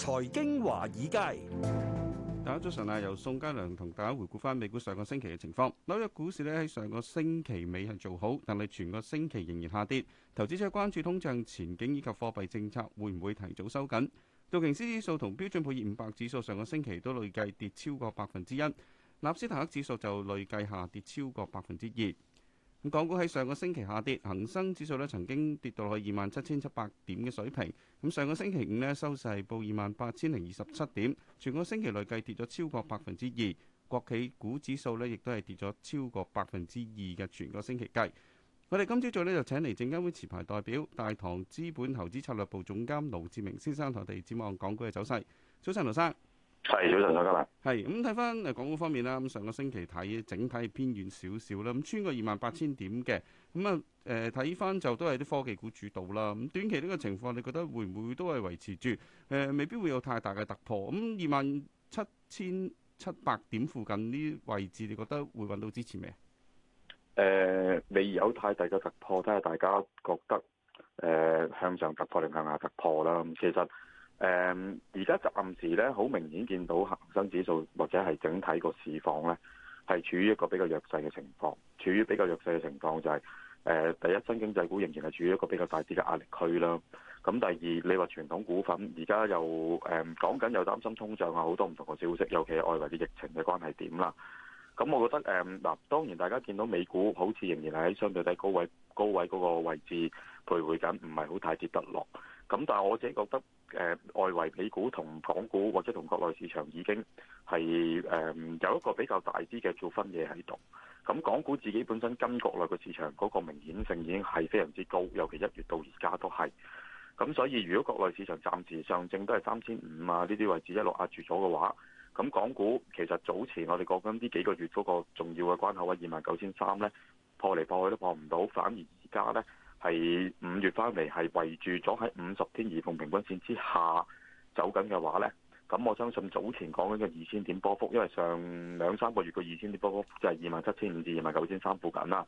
財經華爾街，大家早晨啊！由宋嘉良同大家回顧返美股上個星期嘅情況。紐約股市呢喺上個星期尾係做好，但係全個星期仍然下跌。投資者關注通脹前景以及貨幣政策會唔會提早收緊。道瓊斯指數同標準普爾五百指數上個星期都累計跌超過百分之一，納斯達克指數就累計下跌超過百分之二。港股喺上個星期下跌，恒生指數呢曾經跌到去二萬七千七百點嘅水平。咁上個星期五呢收市報二萬八千零二十七點，全個星期累計跌咗超過百分之二。國企股指數呢亦都係跌咗超過百分之二嘅全個星期計。我哋今朝早呢，就請嚟證監會持牌代表、大堂資本投資策略部總監盧志明先生同我哋展望港股嘅走勢。早晨，盧生。係小咗啦，得啦。係咁睇翻誒港股方面啦，咁上個星期睇，整體偏軟少少啦。咁穿過二萬八千點嘅，咁啊誒睇翻就都係啲科技股主導啦。咁短期呢個情況，你覺得會唔會都係維持住？誒，未必會有太大嘅突破。咁二萬七千七百點附近呢啲位置，你覺得會揾到支持咩？誒、呃，未有太大嘅突破，都係大家覺得誒、呃、向上突破定向下突破啦。咁其實。誒，而家暫時咧，好明顯見到恒生指數或者係整體個市況咧，係處於一個比較弱勢嘅情況。處於比較弱勢嘅情況就係、是，誒、嗯，第一，新經濟股仍然係處於一個比較大啲嘅壓力區啦。咁、嗯、第二，你話傳統股份，而家又誒講緊又擔心通脹啊，好多唔同嘅消息，尤其係外圍嘅疫情嘅關係點啦。咁、嗯、我覺得，誒，嗱，當然大家見到美股好似仍然係喺相對低高位高位嗰個位置徘徊緊，唔係好太跌得落。咁、嗯、但係我自己覺得。誒，外圍美股同港股或者同國內市場已經係，誒，有一個比較大啲嘅做分野喺度。咁港股自己本身跟國內個市場嗰個明顯性已經係非常之高，尤其一月到而家都係。咁所以如果國內市場暫時上證都係三千五啊呢啲位置一路壓住咗嘅話，咁港股其實早前我哋講緊呢幾個月嗰個重要嘅關口位二萬九千三咧，呢破嚟破去都破唔到，反而而家咧，係五月翻嚟係圍住咗喺五十天移動平均線之下走緊嘅話呢。咁我相信早前講緊嘅二千點波幅，因為上兩三個月個二千點波幅就係二萬七千五至二萬九千三附近啦，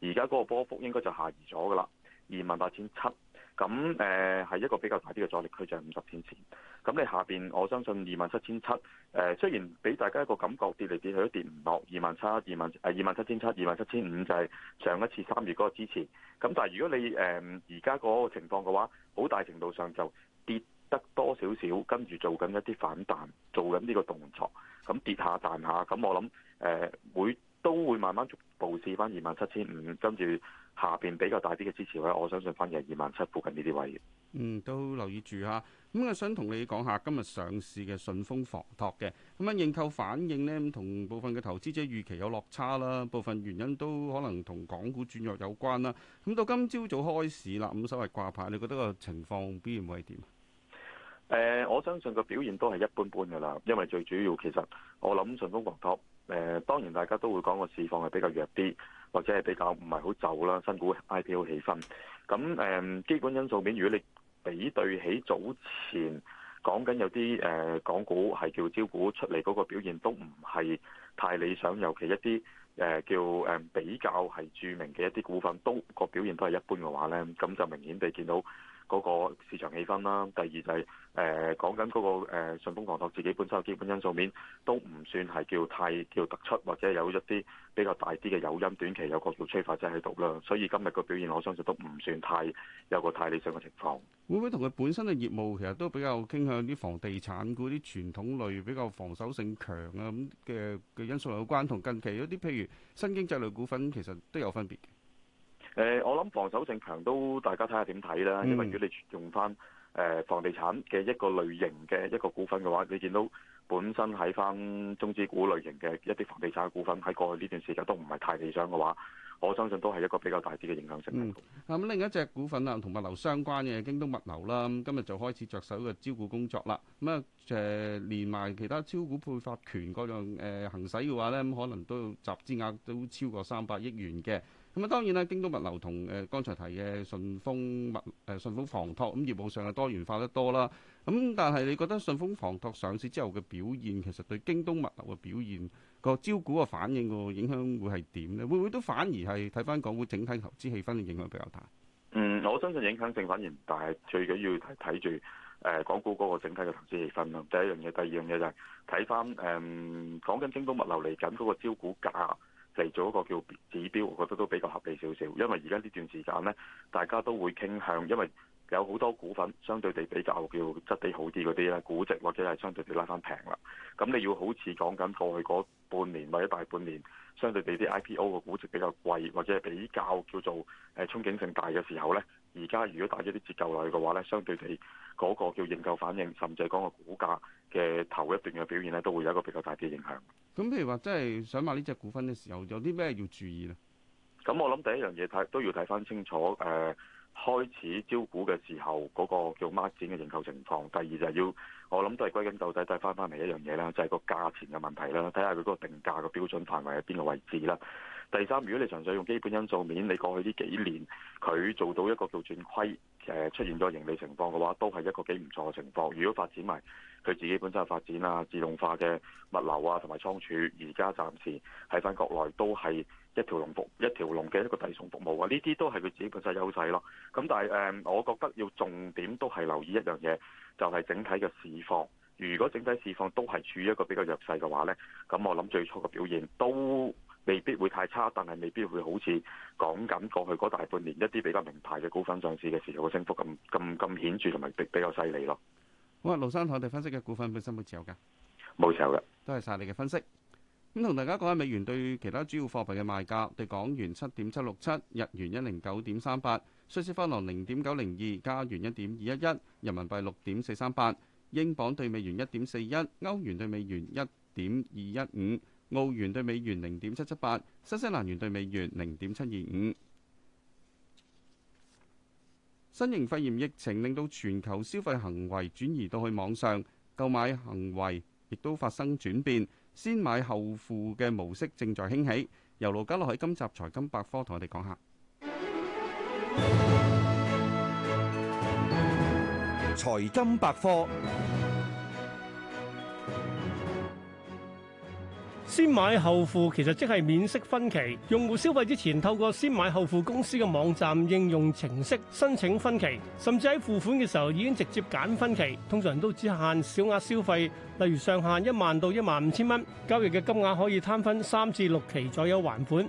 而家嗰個波幅應該就下移咗噶啦，二萬八千七。咁誒係一個比較大啲嘅阻力區，就係五十天線。咁你下面我相信二萬七千七，誒雖然俾大家一個感覺跌嚟跌去都跌唔落，二萬七、二萬七千七、二萬七千五就係上一次三月嗰個之前。咁但係如果你誒而家個情況嘅話，好大程度上就跌得多少少，跟住做緊一啲反彈，做緊呢個動作。咁跌下彈下，咁我諗誒、呃、會。都會慢慢逐步試翻二萬七千五，跟住下面比較大啲嘅支持位，我相信翻嘅二萬七附近呢啲位。嗯，都留意住下咁啊，想同你講下今日上市嘅順豐房託嘅咁啊，認購反應呢，同部分嘅投資者預期有落差啦。部分原因都可能同港股轉弱有關啦。咁到今朝早，早開始啦，咁所謂掛牌，你覺得個情況表現會係點啊？誒，我相信個表現都係一般般嘅啦，因為最主要其實我諗順豐房託。誒當然，大家都會講個市況係比較弱啲，或者係比較唔係好就啦。新股 IPO 氣氛，咁誒、嗯、基本因素面，如果你比對起早前講緊有啲誒、呃、港股係叫招股出嚟嗰個表現都唔係太理想，尤其一啲誒、呃、叫誒比較係著名嘅一啲股份都個表現都係一般嘅話咧，咁就明顯地見到。嗰個市場氣氛啦，第二就係誒講緊嗰個誒、欸、順豐房託自己本身嘅基本因素面都唔算係叫太叫突出，或者有一啲比較大啲嘅誘因，短期有個叫催化劑喺度啦，所以今日個表現我相信都唔算太有個太理想嘅情況。會唔會同佢本身嘅業務其實都比較傾向啲房地產股啲傳統類比較防守性強啊咁嘅嘅因素有關，同近期有一啲譬如新經濟類股份其實都有分別？誒、呃，我諗防守性強都大家睇下點睇啦。因為如果你用翻誒房地產嘅一個類型嘅一個股份嘅話，你見到本身喺翻中資股類型嘅一啲房地產嘅股份喺過去呢段時間都唔係太理想嘅話，我相信都係一個比較大啲嘅影響性。咁、嗯、另一隻股份啦、啊，同物流相關嘅京東物流啦，今日就開始着手嘅招股工作啦。咁、嗯、啊，誒、呃、連埋其他招股配發權嗰樣誒、呃、行使嘅話咧，咁可能都集資額都超過三百億元嘅。咁啊，當然啦，京東物流同誒剛才提嘅順豐物誒順豐房託咁業務上係多元化得多啦。咁但係你覺得順豐房託上市之後嘅表現，其實對京東物流嘅表現個招股嘅反應個影響會係點咧？會唔會都反而係睇翻港股整體投資氣氛嘅影響比較大？嗯，我相信影響性反而唔大，但最緊要係睇住誒港股嗰個整體嘅投資氣氛啦。第一樣嘢，第二樣嘢就係睇翻誒講緊京東物流嚟緊嗰個招股價。嚟做一個叫指標，我覺得都比較合理少少，因為而家呢段時間呢，大家都會傾向，因為有好多股份相對地比較叫質地好啲嗰啲咧，估值或者係相對地拉翻平啦。咁你要好似講緊過去嗰半年或者大半年，相對地啲 IPO 個估值比較貴，或者比較叫做憧憬性大嘅時候呢。而家如果打咗啲折扣落去嘅話咧，相對地嗰個叫認購反應，甚至係講個股價嘅頭一段嘅表現咧，都會有一個比較大嘅影響。咁譬如話，真、就、係、是、想買呢隻股份嘅時候，有啲咩要注意咧？咁我諗第一樣嘢睇都要睇翻清楚，誒、呃、開始招股嘅時候嗰、那個叫孖展嘅認購情況。第二就係要我諗都係歸根究底睇翻翻嚟一樣嘢啦，就係、是、個價錢嘅問題啦，睇下佢嗰個定價嘅標準範圍喺邊個位置啦。第三，如果你純粹用基本因素面，你過去呢幾年佢做到一個叫轉虧，誒出現咗盈利情況嘅話，都係一個幾唔錯嘅情況。如果發展埋佢自己本身嘅發展啊，自動化嘅物流啊，同埋倉儲，而家暫時喺翻國內都係一條龍服一條龍嘅一個遞送服務啊，呢啲都係佢自己本身嘅優勢咯。咁但係誒，我覺得要重點都係留意一樣嘢，就係、是、整體嘅市況。如果整體市況都係處於一個比較弱勢嘅話呢，咁我諗最初嘅表現都未必會太差，但係未必會好似講緊過去嗰大半年一啲比較名牌嘅股份上市嘅時候嘅升幅咁咁咁顯著，同埋比比較犀利咯。好啊，盧生同，我哋分析嘅股份本身冇持有噶，冇持有噶，有都係晒你嘅分析。咁同大家講下美元對其他主要貨幣嘅賣價，對港元七點七六七，日元一零九點三八，瑞士法郎零點九零二，加元一點二一一，人民幣六點四三八，英鎊對美元一點四一，歐元對美元一點二一五。澳元兌美元零點七七八，新西蘭元兌美元零點七二五。新型肺炎疫情令到全球消費行為轉移到去網上，購買行為亦都發生轉變，先買後付嘅模式正在興起。由盧家樂喺今集財金百科同我哋講下。財金百科。先買後付其實即係免息分期，用戶消費之前透過先買後付公司嘅網站應用程式申請分期，甚至喺付款嘅時候已經直接揀分期。通常都只限小額消費，例如上限一萬到一萬五千蚊，交易嘅金額可以攤分三至六期左右還款。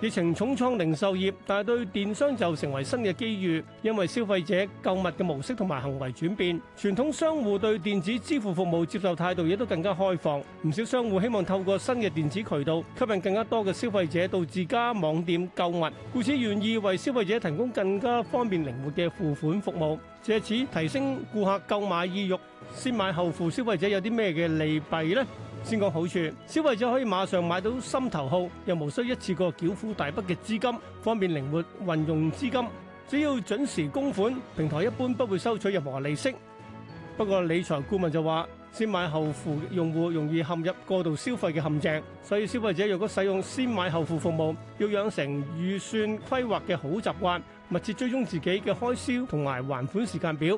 疫情重創零售業，但係對電商就成為新嘅機遇，因為消費者購物嘅模式同埋行為轉變，傳統商戶對電子支付服務接受態度亦都更加開放。唔少商戶希望透過新嘅電子渠道，吸引更加多嘅消費者到自家網店購物，故此願意為消費者提供更加方便靈活嘅付款服務，借此提升顧客購買意欲。先買後付消費者有啲咩嘅利弊呢？先講好處，消費者可以馬上買到心頭好，又無需一次過繳付大筆嘅資金，方便靈活運用資金。只要準時供款，平台一般不會收取任何利息。不過理財顧問就話，先買後付用戶容易陷入過度消費嘅陷阱，所以消費者如果使用先買後付服務，要養成預算規劃嘅好習慣，密切追蹤自己嘅開銷同埋還款時間表。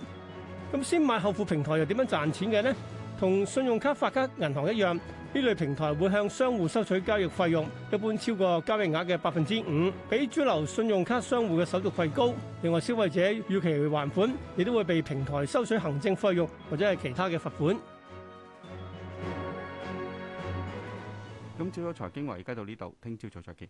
咁先買後付平台又點樣賺錢嘅呢？同信用卡發卡銀行一樣，呢類平台會向商戶收取交易費用，一般超過交易額嘅百分之五。比主流信用卡商戶嘅手續費高。另外消費者逾期還款，亦都會被平台收取行政費用或者係其他嘅罰款。咁朝早財經話已經到呢度，聽朝早再見。